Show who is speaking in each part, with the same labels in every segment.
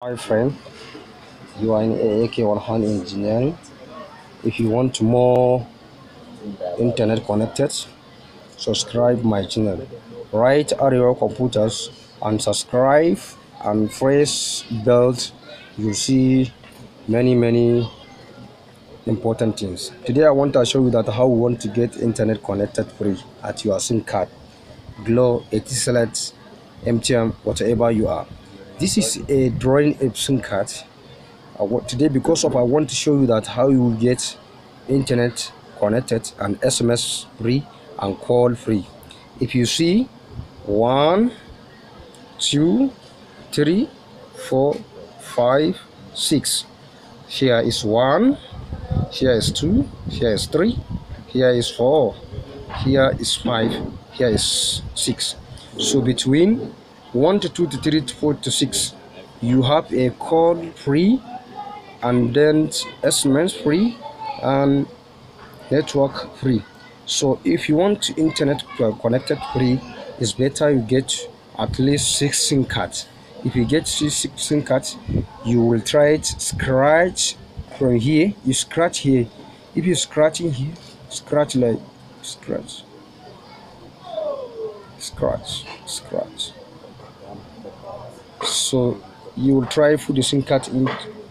Speaker 1: Hi friend, you are in AAK100 engineering. If you want more internet connected, subscribe my channel. Right at your computers and subscribe and press bell. you see many many important things. Today I want to show you that how we want to get internet connected free at your SIM card, Glow, Etisalat, MTM, whatever you are this is a drawing Epson card today because of I want to show you that how you get internet connected and SMS free and call free if you see one two three four five six here is one here is two here is three here is four here is five here is six so between 1 to 2 to 3 to 4 to 6 you have a call free and then SMS free and network free so if you want internet connected free it's better you get at least six SIM cards if you get six SIM cards you will try it scratch from here you scratch here if you scratching here scratch like scratch scratch scratch so you will try the SIM card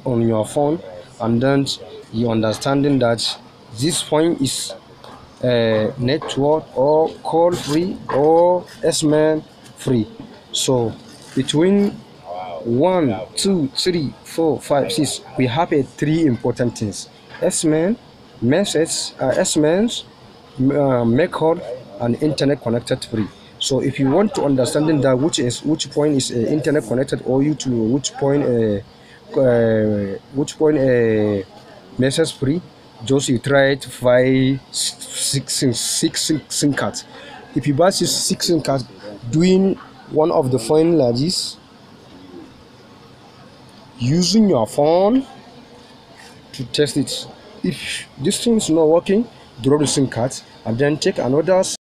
Speaker 1: on your phone and then you understanding that this phone is uh, network or call free or s free so between one two three four five six we have a three important things s-man message uh, uh, make call and internet connected free so if you want to understand that which is which point is uh, internet connected or you to which point uh, uh which point uh, message free just you try it six six six sim cards if you buy six six sim cards doing one of the phone like using your phone to test it if this thing is not working draw the sim card and then take another